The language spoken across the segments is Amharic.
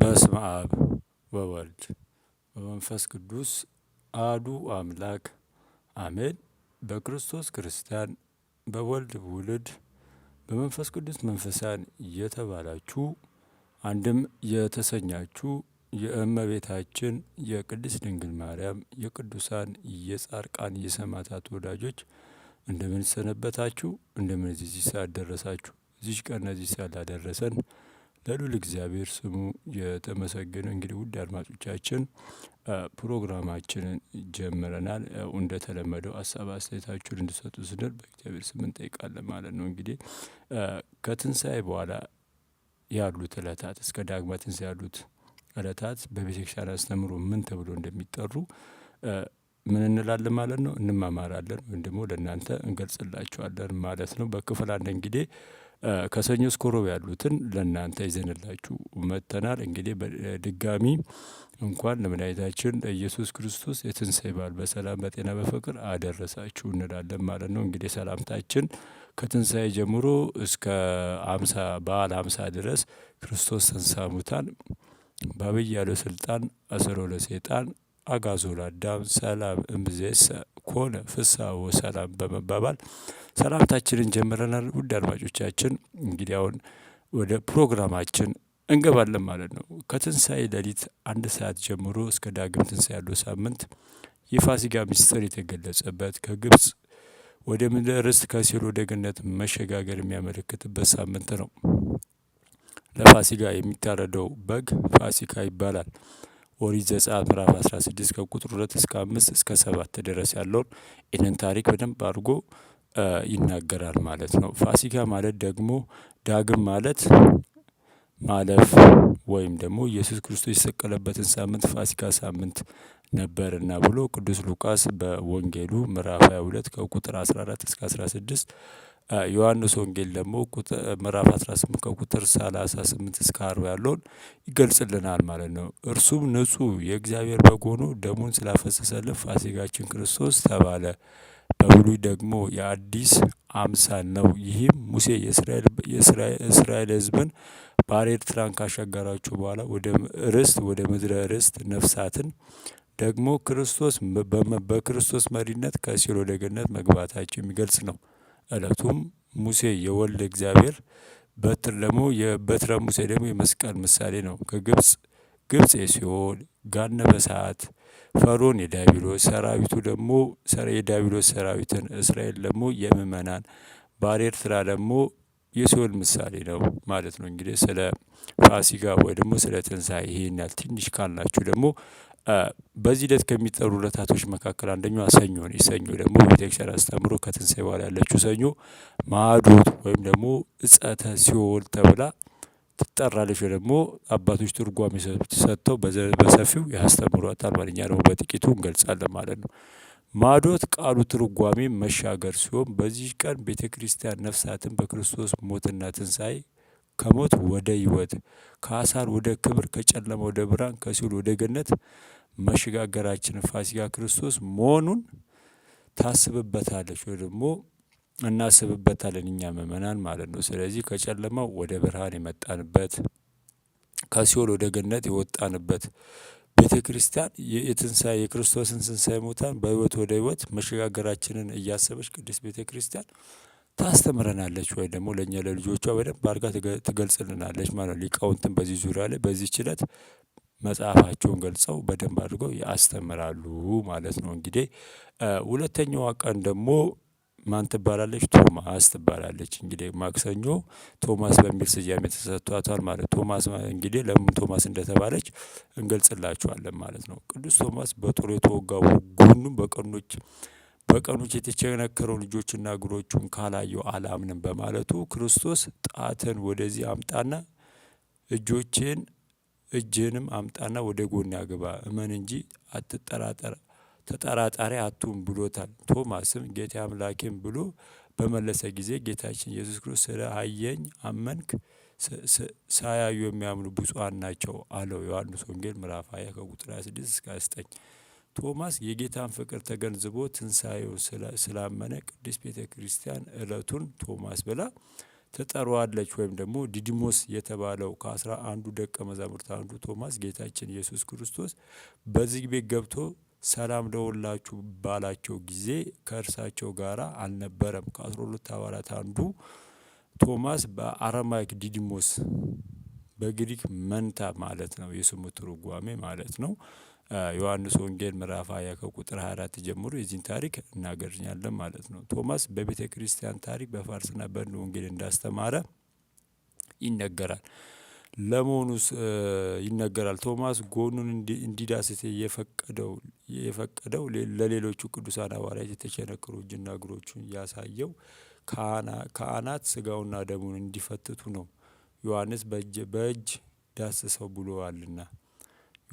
በስመ አብ ወወልድ በመንፈስ ቅዱስ አሐዱ አምላክ አሜን። በክርስቶስ ክርስቲያን በወልድ ውልድ በመንፈስ ቅዱስ መንፈሳን የተባላችሁ አንድም የተሰኛችሁ የእመቤታችን የቅድስት ድንግል ማርያም የቅዱሳን የጻድቃን የሰማዕታት ወዳጆች እንደምን ሰነበታችሁ? እንደምን እዚህ ሰዓት ደረሳችሁ? እዚች ቀን እዚህ ሰዓት ላደረሰን ለሉል እግዚአብሔር ስሙ የተመሰገነ። እንግዲህ ውድ አድማጮቻችን ፕሮግራማችንን ጀምረናል። እንደተለመደው ሀሳብ አስተያየታችሁን እንድሰጡ ስንል በእግዚአብሔር ስም እንጠይቃለን ማለት ነው። እንግዲህ ከትንሣኤ በኋላ ያሉት እለታት እስከ ዳግማ ትንሣኤ ያሉት እለታት በቤተ ክርስቲያን አስተምሮ ምን ተብሎ እንደሚጠሩ ምን እንላለን ማለት ነው እንማማራለን፣ ወይም ደግሞ ለእናንተ እንገልጽላችኋለን ማለት ነው። በክፍል አንድ እንግዲህ ከሰኞ እስከ ሮብ ያሉትን ለእናንተ ይዘንላችሁ መጥተናል። እንግዲህ በድጋሚ እንኳን ለመድኃኒታችን ለኢየሱስ ክርስቶስ የትንሣኤ በዓል በሰላም በጤና በፍቅር አደረሳችሁ እንላለን ማለት ነው። እንግዲህ ሰላምታችን ከትንሣኤ ጀምሮ እስከ አምሳ በዓል አምሳ ድረስ ክርስቶስ ተንሥአ እሙታን በአብይ ስልጣን አሰሮ ለሰይጣን አጋዞ ለአዳም ሰላም እምዜሰ ኮነ ፍሳ ወሰላም በመባባል ሰላምታችንን ጀምረናል። ውድ አድማጮቻችን እንግዲህ አሁን ወደ ፕሮግራማችን እንገባለን ማለት ነው። ከትንሣኤ ሌሊት አንድ ሰዓት ጀምሮ እስከ ዳግም ትንሣኤ ያለው ሳምንት የፋሲጋ ምስጢር የተገለጸበት ከግብፅ ወደ ምድረ ርስት ከሲኦል ወደ ገነት መሸጋገር የሚያመለክትበት ሳምንት ነው። ለፋሲጋ የሚታረደው በግ ፋሲካ ይባላል። ኦሪት ዘጸአት ምዕራፍ 16 ከቁጥር 2 እስከ 5 እስከ 7 ድረስ ያለውን ይህንን ታሪክ በደንብ አድርጎ ይናገራል ማለት ነው። ፋሲካ ማለት ደግሞ ዳግም ማለት ማለፍ ወይም ደግሞ ኢየሱስ ክርስቶስ የሰቀለበትን ሳምንት ፋሲካ ሳምንት ነበርና ብሎ ቅዱስ ሉቃስ በወንጌሉ ምዕራፍ 22 ከቁጥር 14 እስከ 16 ዮሐንስ ወንጌል ደግሞ ምዕራፍ 18 ከቁጥር 38 እስከ 40 ያለውን ይገልጽልናል ማለት ነው። እርሱም ንጹሕ የእግዚአብሔር በግ ሆኖ ደሙን ስላፈሰሰልን ፋሲካችን ክርስቶስ ተባለ። በብሉይ ደግሞ የአዲስ አምሳል ነው። ይህም ሙሴ የእስራኤል ሕዝብን ባሕረ ኤርትራን ካሻገራቸው በኋላ ወደ ርስት ወደ ምድረ ርስት ነፍሳትን ደግሞ ክርስቶስ በክርስቶስ መሪነት ከሲኦል ወደ ገነት መግባታቸው የሚገልጽ ነው። ዕለቱም ሙሴ የወልድ እግዚአብሔር በትር ደግሞ የበትረ ሙሴ ደግሞ የመስቀል ምሳሌ ነው። ከግብፅ ግብፅ የሲኦል ጋነ በሰዓት ፈርዖን የዳቢሎስ ሰራዊቱ ደግሞ የዳቢሎስ ሰራዊትን እስራኤል ደግሞ የምእመናን ባሕረ ኤርትራ ደግሞ የሲኦል ምሳሌ ነው ማለት ነው። እንግዲህ ስለ ፋሲጋ ወይ ደግሞ ስለ ትንሣኤ ይሄን ያህል ትንሽ ካልናችሁ ደግሞ በዚህ ዕለት ከሚጠሩ ዕለታቶች መካከል አንደኛዋ ሰኞ ነች። ሰኞ ደግሞ ቤተክርስቲያን አስተምሮ ከትንሣኤ በኋላ ያለችው ሰኞ ማዕዶት ወይም ደግሞ እጸተ ሲኦል ተብላ ትጠራለች። ደግሞ አባቶች ትርጓሜ ሰጥተው በሰፊው ያስተምሯታል። እኛ ደግሞ በጥቂቱ እንገልጻለን ማለት ነው። ማዕዶት ቃሉ ትርጓሜ መሻገር ሲሆን በዚህ ቀን ቤተ ክርስቲያን ነፍሳትን በክርስቶስ ሞትና ትንሣኤ ከሞት ወደ ህይወት ከአሳር ወደ ክብር ከጨለማ ወደ ብርሃን ከሲኦል ወደ ገነት መሸጋገራችን ፋሲካ ክርስቶስ መሆኑን ታስብበታለች ወይ ደግሞ እናስብበታለን እኛ ምእመናን ማለት ነው። ስለዚህ ከጨለማ ወደ ብርሃን የመጣንበት ከሲኦል ወደ ገነት የወጣንበት ቤተ ክርስቲያን የትንሣኤ የክርስቶስን ትንሣኤ ሙታን በህይወት ወደ ህይወት መሸጋገራችንን እያሰበች ቅድስት ቤተ ክርስቲያን ታስተምረናለች ወይ ደግሞ ለእኛ ለልጆቿ በደንብ አድርጋ ትገልጽልናለች ማለት ነው። ሊቃውንትን በዚህ ዙሪያ ላይ በዚህ ችለት መጽሐፋቸውን ገልጸው በደንብ አድርገው ያስተምራሉ ማለት ነው። እንግዲህ ሁለተኛዋ ቀን ደግሞ ማን ትባላለች? ቶማስ ትባላለች እንግዲህ ማክሰኞ ቶማስ በሚል ስያሜ ተሰጥቷታል ማለት ቶማስ እንግዲህ ለምን ቶማስ እንደተባለች እንገልጽላችኋለን ማለት ነው። ቅዱስ ቶማስ በጦር የተወጋ ጎኑን በቀኖች በቀኑ የተቸነከሩ ልጆችና እግሮቹን ካላየው አላምንም በማለቱ ክርስቶስ ጣትን ወደዚህ አምጣና እጆችን እጅንም አምጣና ወደ ጎን ያግባ እመን እንጂ አትጠራጠር፣ ተጠራጣሪ አቱም ብሎታል። ቶማስም ጌታ አምላኬም ብሎ በመለሰ ጊዜ ጌታችን ኢየሱስ ክርስቶስ ስለ አየኝ አመንክ፣ ሳያዩ የሚያምኑ ብፁዓን ናቸው አለው። ዮሐንስ ወንጌል ምዕራፍ 20 ከቁጥር 26 እስከ 29 ቶማስ የጌታን ፍቅር ተገንዝቦ ትንሣኤው ስላመነ ቅዱስ ቤተ ክርስቲያን ዕለቱን ቶማስ ብላ ተጠሯዋለች። ወይም ደግሞ ዲዲሞስ የተባለው ከአስራ አንዱ ደቀ መዛሙርት አንዱ ቶማስ ጌታችን ኢየሱስ ክርስቶስ በዚህ ቤት ገብቶ ሰላም ለወላችሁ ባላቸው ጊዜ ከእርሳቸው ጋር አልነበረም። ከአስራ ሁለት አባላት አንዱ ቶማስ በአረማይክ ዲዲሞስ በግሪክ መንታ ማለት ነው የስሙ ትርጓሜ ማለት ነው። ዮሐንስ ወንጌል ምዕራፍ 20 ከቁጥር 24 ጀምሮ የዚህን ታሪክ እናገኛለን ማለት ነው። ቶማስ በቤተ ክርስቲያን ታሪክ በፋርስና በህንድ ወንጌል እንዳስተማረ ይነገራል። ለመሆኑ ይነገራል። ቶማስ ጎኑን እንዲዳስስ የፈቀደው የፈቀደው ለሌሎቹ ቅዱሳን ሐዋርያት የተቸነከሩ እጅና እግሮቹን ያሳየው ካህናት ስጋውና ደሙን እንዲፈትቱ ነው። ዮሐንስ በእጅ ዳስሰው ብሎአልና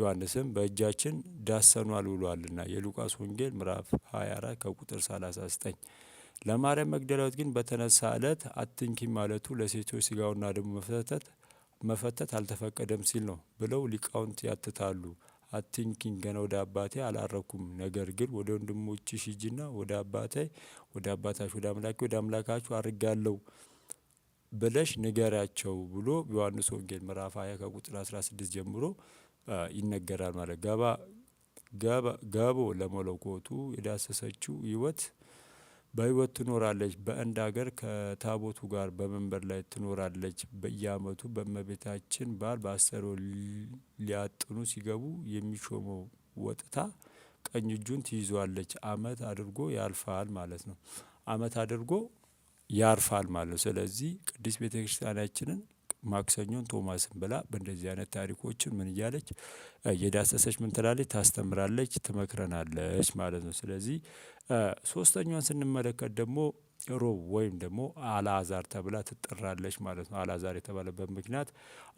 ዮሐንስም በእጃችን ዳሰኗል ብሏልና የሉቃስ ወንጌል ምዕራፍ 24 ከቁጥር 39። ለማርያም መግደላዊት ግን በተነሳ ዕለት አትንኪ ማለቱ ለሴቶች ስጋውና ደሙ መፈተት መፈተት አልተፈቀደም ሲል ነው ብለው ሊቃውንት ያትታሉ። አትንኪኝ ገና ወደ አባቴ አላረኩም፣ ነገር ግን ወደ ወንድሞች ሽጅና ወደ አባቴ ወደ አባታችሁ ወደ አምላኬ ወደ አምላካችሁ አድርጋለሁ ብለሽ ንገሪያቸው ብሎ ዮሐንስ ወንጌል ምዕራፍ 20 ከቁጥር 16 ጀምሮ ይነገራል ማለት ጋባ ጋቦ ለመለኮቱ የዳሰሰችው ህይወት በህይወት ትኖራለች፣ በአንድ ሀገር ከታቦቱ ጋር በመንበር ላይ ትኖራለች። በየአመቱ በእመቤታችን በዓል በአሰሮ ሊያጥኑ ሲገቡ የሚሾመው ወጥታ ቀኝ እጁን ትይዟለች። አመት አድርጎ ያልፋል ማለት ነው። አመት አድርጎ ያርፋል ማለት ነው። ስለዚህ ቅድስት ቤተ ክርስቲያናችንን ማክሰኞን ቶማስን ብላ በእንደዚህ አይነት ታሪኮችን ምን እያለች እየዳሰሰች ምን ትላለች ታስተምራለች ትመክረናለች ማለት ነው። ስለዚህ ሶስተኛዋን ስንመለከት ደግሞ ሮብ ወይም ደግሞ አላዛር ተብላ ትጠራለች ማለት ነው። አልዓዛር የተባለበት ምክንያት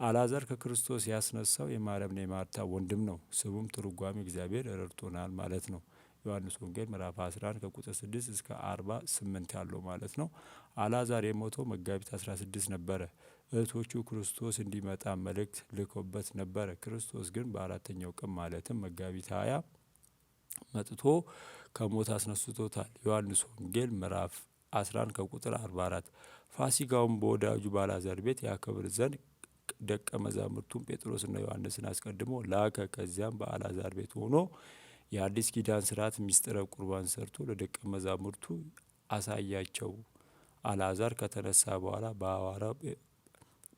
አላዛር ከክርስቶስ ያስነሳው የማርያምና የማርታ ወንድም ነው። ስሙም ትርጓሜ እግዚአብሔር ረድቶናል ማለት ነው። ዮሐንስ ወንጌል ምዕራፍ 11 ከቁጥር 6 እስከ 48 ያለው ማለት ነው። አላዛር የሞተው መጋቢት 16 ነበረ። እህቶቹ ክርስቶስ እንዲመጣ መልእክት ልኮበት ነበረ። ክርስቶስ ግን በአራተኛው ቀን ማለትም መጋቢት 20 መጥቶ ከሞት አስነስቶታል። ዮሐንስ ወንጌል ምዕራፍ 11 ከቁጥር 44 ፋሲካውን በወዳጁ ባላዛር ቤት ያከብር ዘንድ ደቀ መዛሙርቱን ጴጥሮስና ዮሐንስን አስቀድሞ ላከ። ከዚያም በአላዛር ቤት ሆኖ የአዲስ ኪዳን ስርዓት ምስጢረ ቁርባን ሰርቶ ለደቀ መዛሙርቱ አሳያቸው። አልዓዛር ከተነሳ በኋላ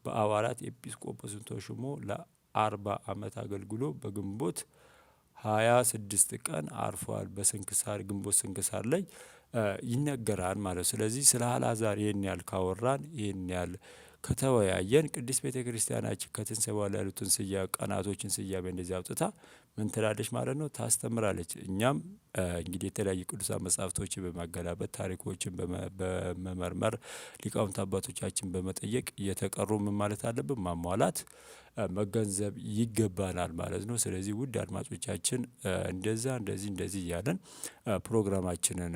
በአዋራት ኤጲስቆጶስን ተሹሞ ለአርባ ዓመት አገልግሎ በግንቦት ሀያ ስድስት ቀን አርፏል። በስንክሳር ግንቦት ስንክሳር ላይ ይነገራል ማለት ስለዚህ ስለ አልዓዛር ይህን ያህል ካወራን ይህን ያህል ከተወያየን ቅድስት ቤተ ክርስቲያናችን ከትንሣኤ በኋላ ያሉትን ስያ ቀናቶችን ስያሜ እንደዚህ አውጥታ ምን ትላለች ማለት ነው ታስተምራለች። እኛም እንግዲህ የተለያዩ ቅዱሳን መጻሕፍቶችን በማገላበጥ ታሪኮችን በመመርመር ሊቃውንት አባቶቻችን በመጠየቅ እየተቀሩ ምን ማለት አለብን ማሟላት መገንዘብ ይገባናል ማለት ነው። ስለዚህ ውድ አድማጮቻችን እንደዛ እንደዚህ እንደዚህ እያለን ፕሮግራማችንን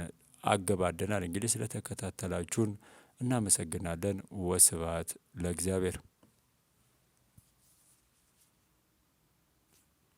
አገባደናል። እንግዲህ ስለተከታተላችሁን እናመሰግናለን። ወስባት ለእግዚአብሔር።